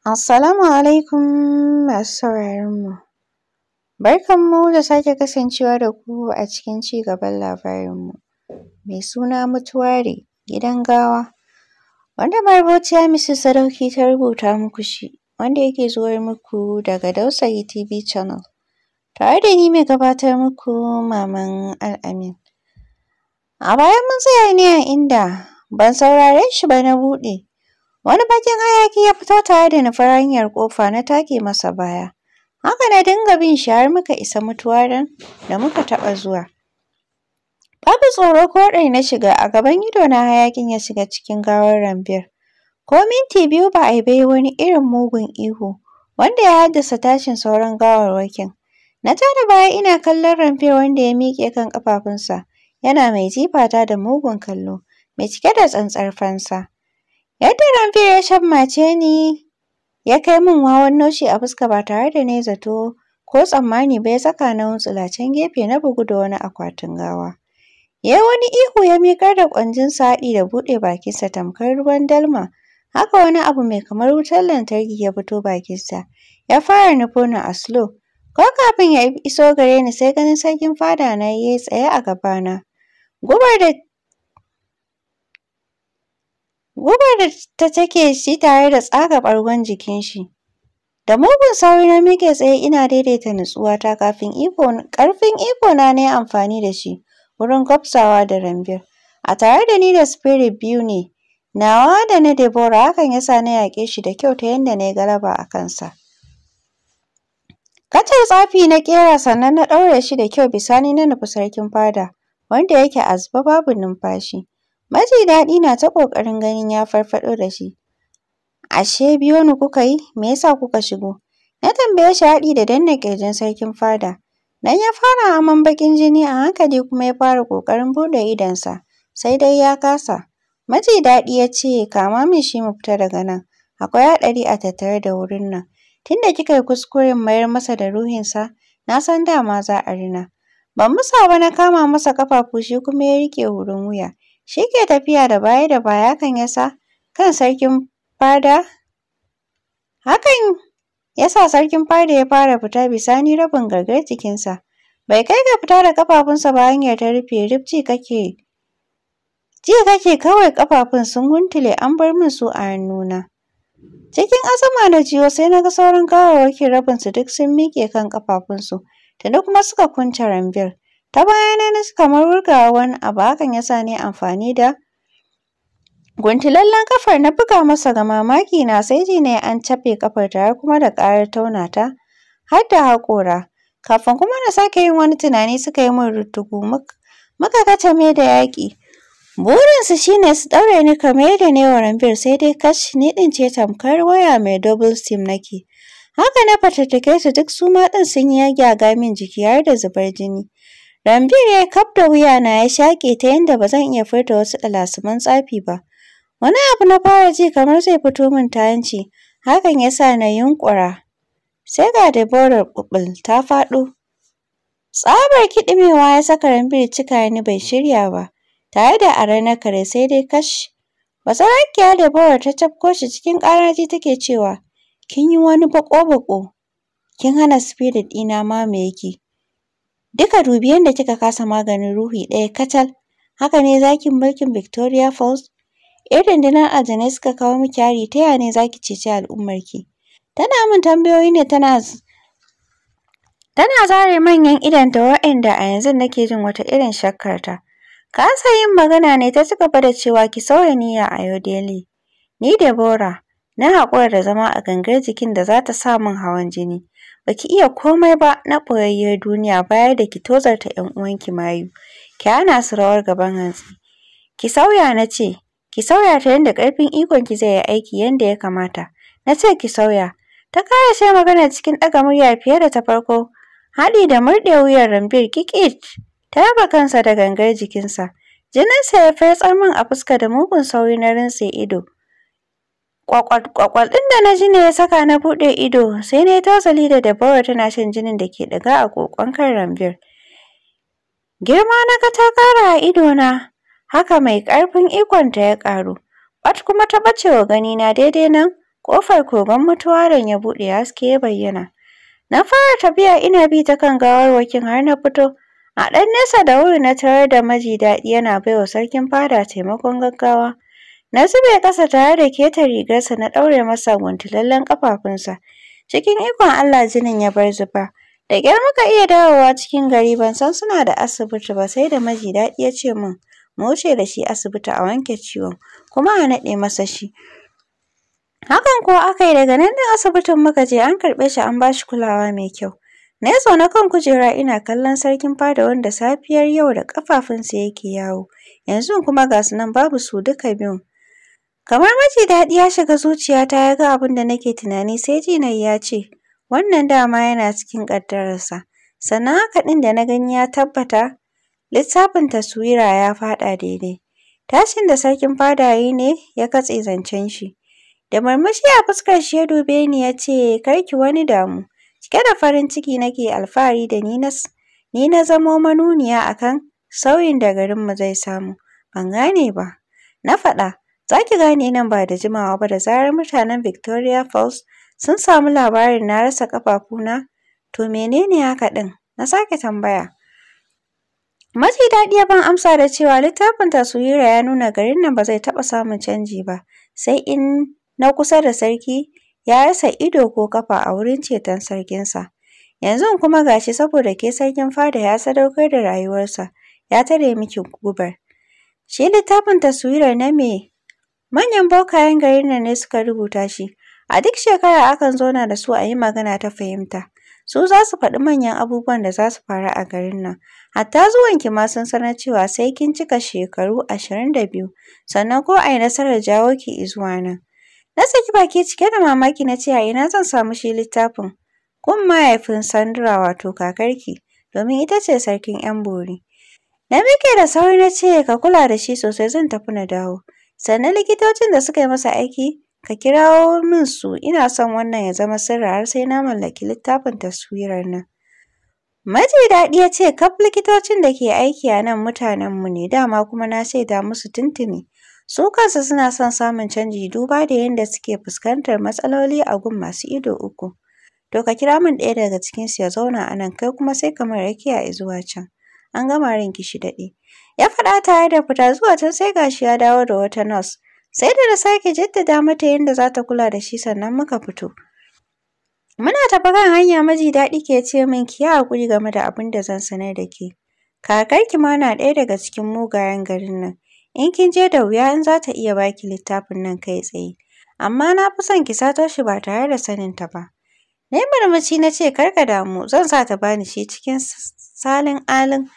Assalamu alaikum masu sauraron mu. Barkan mu da sake kasancewa da ku a cikin ci gaban labarin mu. Mai suna mutuwari gidan gawa. Wanda marubuciya Mrs. Sadauki ta rubuta muku shi. Wanda yake zuwa muku daga Dausayi TV Channel. Tare da ni mai gabatar muku Maman Al'amin. A baya mun tsaya ne a inda ban saurare shi ba na buɗe. Wani bakin hayaki ya fito tare da nufar hanyar kofa na take masa baya. Haka na dinga bin shi har muka isa mutuwarin da muka taɓa zuwa. Babu tsoro ko ɗai na shiga a gaban ido na hayakin ya shiga cikin gawar rambiyar, Ko minti biyu ba a yi bai wani irin mugun ihu wanda ya haddasa tashin sauran gawarwakin. Na tada baya ina kallon Rambir wanda ya miƙe kan ƙafafunsa yana mai jifata da mugun kallo mai cike da tsantsar fansa. Yadda Ramfil ya shammace ni ya kai min wawan naushi a fuska ba tare da na zato ko tsammani ba ya saka na wuntsula gefe na bugu da wani akwatin gawa. Ya yi wani ihu ya miƙar da ƙwanjin haɗi da buɗe bakinsa tamkar ruwan dalma. Haka wani abu mai kamar wutar lantarki ya fito bakinsa ya fara nufo ni a slow. Ko kafin ya iso gare ni sai ganin sarkin fada na ya yi tsaye a gabana. Gubar da Gubar da ta take shi tare da tsaga ɓargon jikin shi. Da mugun sauri na mike tsaye ina daidaita nutsuwa ta kafin iko ƙarfin iko na yi amfani da shi wurin gwabsawa da Rambir. A tare da ni da Spirit biyu ne, nawa da na debora hakan ya sa na yaƙe shi da kyau ta yadda na yi galaba a kansa. Kacar tsafi na ƙera sannan na ɗaure shi da kyau bisani na nufi sarkin fada wanda yake a babu numfashi. Maji daɗi na ta ƙoƙarin ganin ya farfaɗo da shi. Ashe biyo ni kuka yi, me yasa kuka shigo? Na tambaye shi haɗi da danna ƙirjin sarkin fada. Dan ya fara aman baƙin jini a hankali kuma ya fara ƙoƙarin buɗe idonsa, sai dai ya kasa. Maji daɗi ya ce, kama min shi mu fita daga nan, akwai haɗari a tattare da wurin nan. Tunda kika yi kuskuren mayar masa da ruhinsa, na san dama za a rina. Ban masa ba na kama masa ƙafafu shi kuma ya riƙe wurin wuya. Shi ke tafiya da baya da baya kan ya sa kan sarkin fada hakan ya sarkin fada ya fara fita bisani rabin gargar jikinsa. Bai kai ga fita da ƙafafunsa ba hanyar ta rufe duk ji kake ji kake kawai ƙafafun sun huntule an bar min su a hannuna. Cikin azama na jiyo sai na ga sauran gawarwakin rabinsu duk sun miƙe kan ƙafafunsu, tuni kuma suka kunce rambir. ta bayana na kamar wurgawa wani abu hakan ya sa ni amfani da guntulallen kafar na buga masa ga mamaki na sai ji ne an cafe kafar tare kuma da ƙarar tauna ta har da haƙora kafin kuma na sake yin wani tunani suka yi min ruttugu muka katame da yaƙi burinsu shine su ɗaure ni kamar yadda ne wa rambir sai dai kash ni ɗin ce tamkar waya mai double sim nake haka na fatattake su duk su ma ɗin sun yi ga min jiki har da zubar jini Ranbir ya yi kaf da wuyana ya shaƙe ta yadda ba zan iya furta wasu ɗalasuman tsafi ba. Wani abu na fara ji kamar zai fito min ta hanci, hakan ya sa na yunƙura. Sai ga Deborah ɓuɓɓul ta faɗo. Tsabar kiɗimewa ya saka Ranbir cika ni bai shirya ba, tare da are na kare sai dai kash. Basarakiya Deborah ta cafko shi cikin ƙaraji take cewa, kin yi wani baƙo-baƙo, kin hana spirit ɗina mamaye ki. duka dubi yadda kika kasa maganin ruhi ɗaya kacal haka ne zakin mulkin Victoria Falls Yar rundunar aljanai suka kawo miki hari ta yaya ne zaki ceci al'ummarki tana min tambayoyi ne tana tana zare manyan idonta waɗanda a yanzu nake jin wata irin shakkarta kasa yin magana ne ta cigaba da cewa ki sauya niyya a yau ni Deborah na haƙura da zama a gangar jikin da zata sa min hawan jini baki iya komai ba na ɓoyayyiyar duniya baya da ki tozarta ƴan uwanki mayu ki hana su rawar gaban hantsi ki sauya na ce ki sauya ta yanda ƙarfin ki zai yi aiki yanda ya kamata na ce ki sauya ta ƙarashe magana cikin ɗaga murya fiye da ta farko haɗi da murɗe wuyan Ranbir ƙiƙic ta raba kansa da gangar jikinsa jininsa ya fetsar min a fuska da mugun sauri na rintse ido Kwakwal ɗin da na ji ne ya saka na buɗe ido sai na yi tozali da Deborah tana shan jinin da ke ɗiga a kokon kan Ranbir. Girma na ka ta ƙara a na haka mai ƙarfin ikonta ya ƙaru. Bat kuma ta ɓacewa wa na daidai nan, ƙofar kogon mutuwa don ya buɗe haske ya bayyana. Na fara tafiya ina bi ta kan gawar wakin har na fito. A ɗan nesa da wuri na tarar da maji daɗi yana baiwa sarkin fada taimakon gaggawa. Na zube ƙasa tare da keta rigarsa na ɗaure masa guntulallen ƙafafunsa. Cikin ikon Allah jinin ya bar zuba. Da ƙyar muka iya dawowa cikin gari ban san suna da asibiti ba sai da maji daɗi ya ce min mu wuce da shi asibiti a wanke ciwon kuma a naɗe masa shi. Hakan ko aka yi daga nan din asibitin muka je an karɓe shi an ba shi kulawa mai kyau. Na yi zaune kan kujera ina kallon sarkin fada wanda safiyar yau da ƙafafunsa yake yawo. Yanzu kuma ga su nan babu su duka biyun. Kamar maji daɗi ya shiga zuciyata ya ga abin da nake tunani sai jinai ya ce, wannan dama yana cikin ƙaddararsa. Sannan haka ɗin da na gani ya tabbata littafin taswira ya faɗa daidai. Tashin da sarkin fada yi ne ya katse zancen shi. Da murmushi a fuskar shi ya dube ni ya ce, kar ki wani damu. Cike da farin ciki nake alfahari da ni na ni na zamo manuniya akan sauyin da garinmu zai samu. Ban gane ba. Na faɗa. Za ki gane nan ba da jimawa ba da zarar mutanen Victoria Falls sun samu labarin na rasa ƙafafuna, to menene haka ɗin? Na sake tambaya. Mafi daɗi ya ban amsa da cewa littafin taswira ya nuna garin nan ba zai taɓa samun canji ba, sai in na kusa da sarki ya rasa ido ko ƙafa a wurin ceton sarkinsa. Yanzu kuma ga shi saboda ke sarkin fada ya sadaukar da rayuwarsa, ya tare miki gubar. Shi littafin taswirar na me Manyan bokayen garin nan ne suka rubuta shi. A duk shekara akan zauna da su a yi magana ta fahimta. Su za su faɗi manyan abubuwan da za su faru a garin nan. Hatta zuwanki ma sun sanar cewa sai kin cika shekaru ashirin da biyu sannan ko a yi nasarar jawo ki izuwa nan. Na saki baki cike da mamaki na ce a ina zan samu shi littafin? kun mahaifin Sandra wato kakarki domin ita ce sarkin 'yan bori. Na miƙe da sauri na ce ka kula da shi sosai zan tafi na dawo. sannan likitocin da suka yi masa aiki ka kirawo min su ina son wannan ya zama sirri har sai na mallaki littafin taswirar nan maji daɗi ya ce kaf likitocin da ke aiki a nan mutanenmu ne dama kuma na shaida musu tuntuni su kansu suna son samun canji duba da yadda suke fuskantar matsaloli a gun masu ido uku to ka kira min ɗaya daga cikinsu ya zauna a nan kai kuma sai ka ya rakiya zuwa can an gama rinki shi daɗi. Ya faɗa tare da fita zuwa tun sai gashi ya dawo da wata nos. Sai da na sake jaddada mata yadda za ta kula da shi sannan muka fito. Muna tafi kan hanya maji daɗi ke ce min ki yi haƙuri game da abin da zan sanar da ke. Kakarki ma na ɗaya daga cikin mugayen garin nan. In kin je da wuya in za ta iya baki littafin nan kai tsaye. Amma na fi son ki sato shi ba tare da saninta ba. Na yi murmushi na ce kar ka damu zan sa ta bani shi cikin salin alin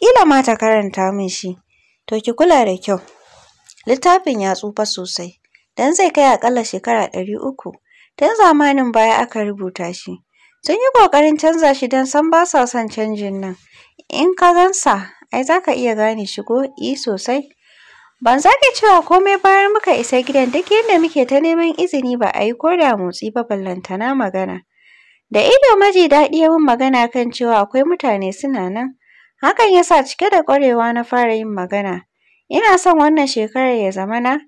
Kila ma ta karanta min shi to ki kula da kyau littafin ya tsufa sosai dan zai kai akalla shekara ɗari uku tun zamanin baya aka rubuta shi sun yi ƙoƙarin canza shi dan san ba sa son canjin nan in ka gansa ai za ka iya gane shi ko i eh, sosai ban sake cewa komai bayan muka isa gidan duk yadda muke ta neman izini ba a yi ko da motsi ba ballantana magana da ido maji daɗi ya min magana kan cewa akwai mutane suna nan Hakan ya sa cike da ƙwarewa na fara yin magana. Ina son wannan shekarar ya zama na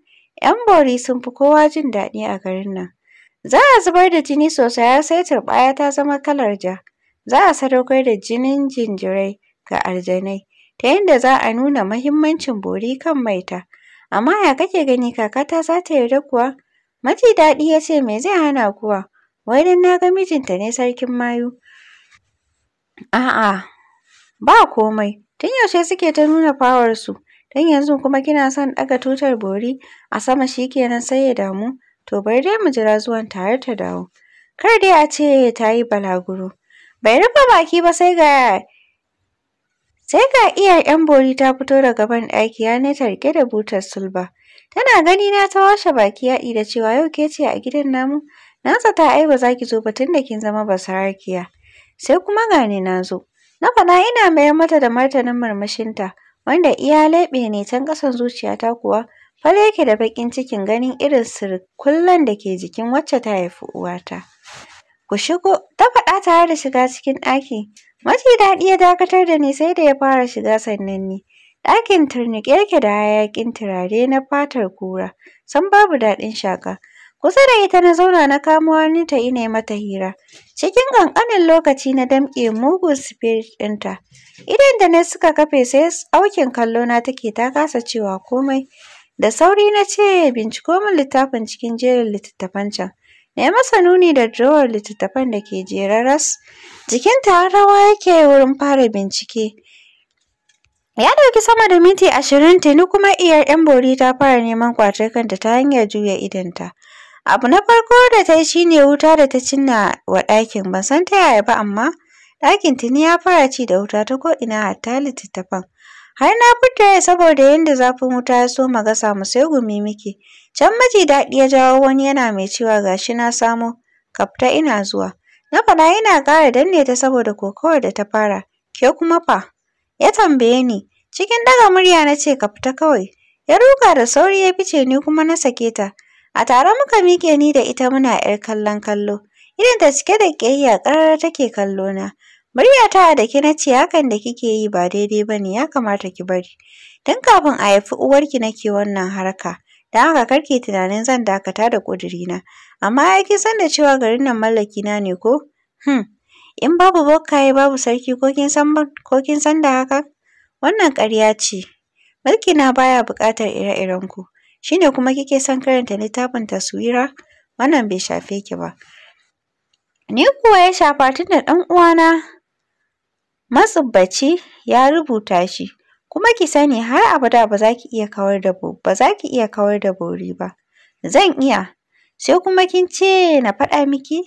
‘yan bori sun fi kowa jin daɗi a garin nan. Za a zubar da jini sosai har sai turɓaya ta zama kalar ja. Za a sadaukar da jinin jinjirai ga aljanai ta yadda za a nuna mahimmancin bori kan maita. Amma ya kake gani kakata za ta yarda kuwa? Maji daɗi ya ce me zai hana kuwa? Wai don na ga mijinta ne sarkin mayu. A'a Ba komai, tun yaushe suke ta nuna fawarsu, don yanzu kuma kina son ɗaga tutar bori a sama shi kenan sai ya damu, to bari dai mu jira zuwan tare ta dawo. Kar dai a ce ta yi balaguro. Bai rufe baki ba sai ga sai ga iyar 'yan bori ta fito daga banɗaki ya ne ta riƙe da butar silba. Tana gani na ta washe baki yaɗi da cewa yau ke ce a gidan namu, na ta ai ba za ki zo ba tun da kin zama basarakiya. Sai kuma ga ni na zo. Na faɗa ina mayar mata da martanin murmushinta, wanda iyalai leɓe ne can ƙasan zuciyata kuwa fari yake da baƙin cikin ganin irin surkullen da ke jikin wacce ta haifi uwata. Ku shigo, ta faɗa tare da shiga cikin ɗaki. Maci daɗi ya dakatar da ni sai da ya fara shiga sannan ni. Ɗakin turnuƙe yake da hayaƙin turare na fatar kura, sam babu daɗin shaka. Kusa da ita na zauna na kamo hannunta ina mata hira. Cikin ƙanƙanin lokaci na damƙe mugun spirit ɗinta. Idan da na suka kafe sai aukin kallo na take ta kasa cewa komai. Da sauri na ce binciko min littafin cikin jerin littattafan can. Na yi masa nuni da drawer littattafan da ke jere ras. Jikinta har rawa yake wurin fara bincike. Ya ɗauki sama da minti ashirin tuni kuma iyar 'yan bori ta fara neman ƙwatar kanta ta hanyar juya idonta. abu na farko da ta yi shine wuta da ta cinna wa ɗakin ban san ta yaya ba amma ɗakin tuni ya fara ci da wuta ta ko'ina hatta littattafan har na fita saboda yanda zafin wuta ya soma gasa mu sai gumi muke can maji daɗi ya jawo wani yana mai cewa shi na samo ka fita ina zuwa na faɗa yana ƙara danne ta saboda kokawar da ta fara ke kuma fa ya tambaye ni cikin ɗaga murya na ce ka fita kawai ya ruga da sauri ya fice ni kuma na sake ta A tare muka miƙe ni da ita muna ƴar kallon kallo. ta cike da ƙiyayya ƙarar take kallo na. Muryata a dake na ce hakan da kike yi ba daidai ba ne ya kamata ki bari. Tun kafin a haifi uwarki nake wannan harka. Don haka kar ki tunanin zan dakata da ƙudurina. Amma ai kin san da cewa garin nan mallaki na ne ko? Hmm. In babu bokaye babu sarki ko kin san ko kin san da hakan? Wannan ƙarya ce. Mulkina baya buƙatar ire iren ku. Shine kuma kike son karanta littafin taswira wannan bai shafe ki ba ni kuwa ya shafa tunda ɗan uwana matsubbaci ya rubuta shi kuma ki sani har abada ba za ki iya kawar da ba za ki iya kawar da bori ba zan iya sai kuma kin ce na faɗa miki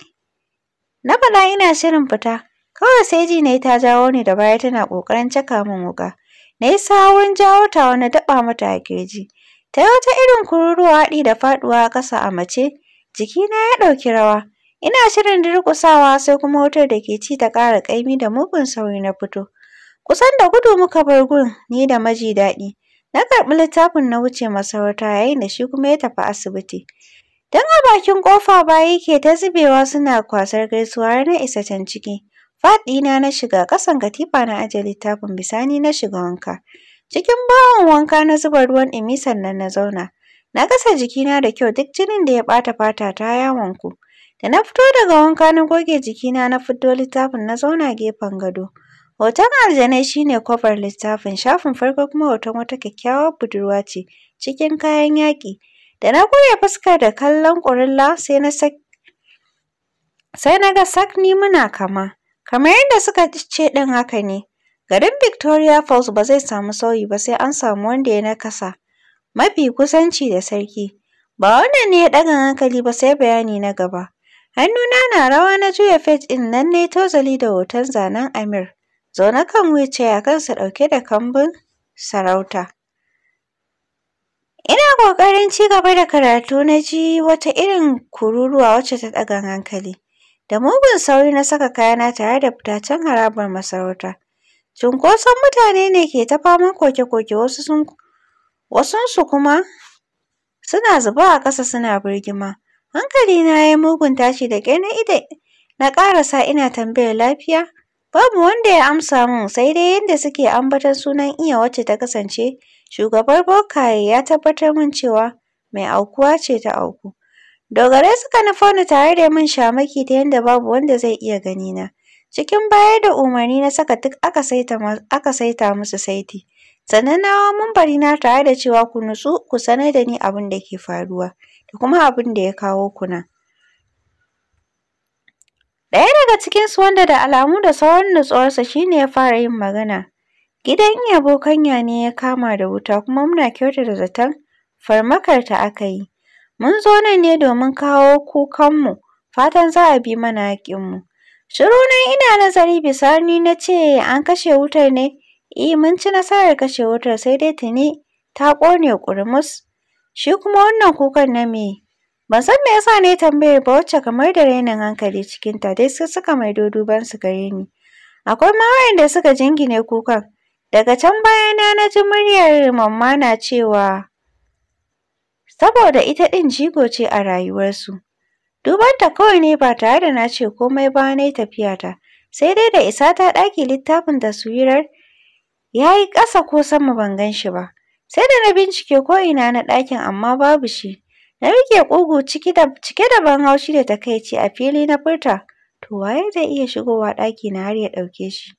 na faɗa ina shirin fita kawai sai ji na ta jawo ni da baya tana ƙoƙarin caka min wuƙa na yi sawun jawo tawa na daɓa mata a kirji Ta yi wata irin kururuwa haɗi da faɗuwa ƙasa a mace, jikina ya ɗauki rawa. Ina shirin durƙusawa sai kuma wutar da ke ci ta ƙara ƙaimi da mugun sauri na fito. Kusan da gudu muka bar gun ni da maji daɗi. Na karɓi littafin na wuce masarauta yayin da shi kuma ya tafi asibiti. Don a bakin ƙofa bayi ke ta zubewa suna kwasar gaisuwa har na isa can ciki. Faɗina na shiga ƙasan katifa na ajiye littafin bisani na shiga wanka. Cikin bawon wanka na zuba ruwan ɗumi sannan na zauna. Na kasa jikina da kyau duk jinin da ya ɓata fata ta ya wanku. Da na fito daga wanka na goge jikina na fito littafin na zauna gefen gado. Hoton aljanai shi ne kwabar littafin shafin farko kuma hoton wata kyakkyawar budurwa ce cikin kayan yaƙi. Da na goge fuska da kallon ƙurilla sai na sak sai na ga sak ni muna kama. Kamar yadda suka ce ɗin haka ne. Garin Victoria Falls ba zai samu sauyi ba sai an samu wanda ya nakasa mafi kusanci da sarki. Ba wannan ne ya ɗaga hankali ba sai bayani na gaba. Hannuna na rawa na juya fet ɗin nan na tozali da hoton zanen Amir. Zaune kan wuce wheelchair kansa ɗauke da kambun sarauta. Ina ƙoƙarin ci gaba da karatu na ji wata irin kururuwa wacce ta ɗaga hankali. Da mugun sauri na saka kayana tare da fita harabar masarauta. Cunkoson mutane ne ke ta faman koke-koke wasu sun wasunsu kuma suna zuba a ƙasa suna birgima. Hankalina ya yi mugun tashi da ƙyar na ida na ƙarasa ina tambayar lafiya. Babu wanda ya amsa min sai dai yadda suke ambatar sunan iya wacce ta kasance shugabar bokaye ya tabbatar min cewa mai aukuwa ce ta auku. Dogarai suka nufo ni tare da min shamaki ta yadda babu wanda zai iya ganina. Cikin bayar da umarni na saka duk aka saita musu saiti. Sannan na hawo mambari na tare da cewa ku nutsu ku sanar da ni abin da ke faruwa da kuma abin da ya kawo ku nan. Ɗaya daga cikin su wanda da alamu da sauran nutsuwarsa shi ne ya fara yin magana. Gidan yabo kanya ne ya kama da wuta kuma muna kyauta da zaton farmakarta aka yi. Mun zo nan ne domin kawo kukanmu, fatan za a bi mana haƙƙinmu. Shiru na ina nazari ni na ce an kashe wutar ne, eh mun ci nasarar kashe wutar sai dai tuni ta ƙone ƙurmus. Shi kuma wannan kukan na me? Ban san me yasa ne tambayar ba wacce kamar da rainin hankali cikinta dai sai suka maido su gare ni. Akwai ma da suka jingine kukan. Daga can bayana na ji muryar mamma na cewa saboda ita ɗin jigo ce a rayuwarsu. Dubanta kawai ne ba tare da na ce komai ba na yi ta sai dai da isa ta ɗaki littafin taswirar ya yi ƙasa ko sama ban gan shi ba. Sai da na bincike ko ina na ɗakin amma babu shi. Na rike ƙugu cike da ban haushi da takaici a fili na furta, to waye zai iya shigowa ɗaki na har ya ɗauke shi?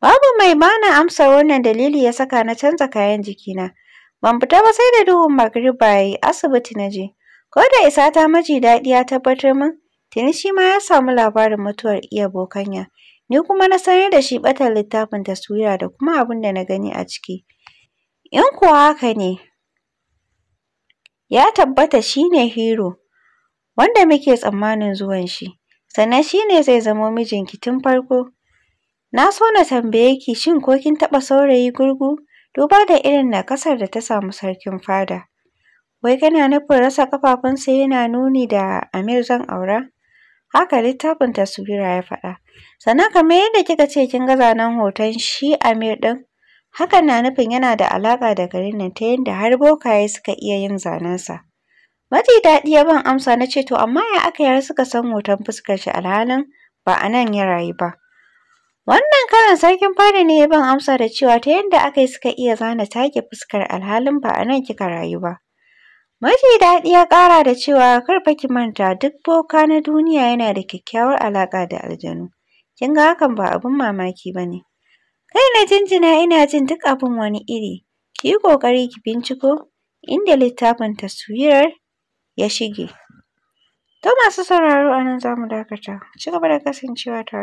Babu mai bana amsar wannan dalili ya saka na canza kayan jikina. Ban fita ba sai da duhun magariba ya yi asibiti na je. Ko da isa ta maji daɗi ya tabbatar min, tuni shi ma ya samu labarin mutuwar iya bokanya. Ni kuma na sanar da shi ɓatar littafin taswira da kuma abin da na gani a ciki. In kuwa haka ne, ya tabbata shi ne hero wanda muke tsammanin zuwan shi, sannan shi ne zai zamo mijinki tun farko. Na so na tambaye ki shin ko kin taɓa saurayi gurgu duba da irin nakasar da ta samu sarkin fada. Wai kana nufin rasa ƙafafunsa yana nuni da Amir zan aura? Haka littafin taswira ya faɗa. Sannan kamar yadda kika ce kin ga zanen hoton shi Amir ɗin, hakan na nufin yana da alaƙa da garin nan ta yadda har bokaye suka iya yin zanensa. Maji daɗi ya ban amsa na ce to amma ya aka yar suka san hoton fuskar shi alhalin ba a nan ya rayu ba. Wannan karan sarkin fada ne ya ban amsa da cewa ta yadda aka yi suka iya zana take fuskar alhalin ba a nan kika rayu ba. Mafi daɗi ya ƙara da cewa kar fa ki manta duk boka na duniya yana da kyakkyawar alaƙa da aljanu. Kin ga hakan ba abin mamaki ba ne. Kai na jinjina ina jin duk abin wani iri. Ki yi ƙoƙari ki binciko inda littafin taswirar ya shige. To masu sauraro a nan za mu dakata. Ku ci gaba da kasancewa tare.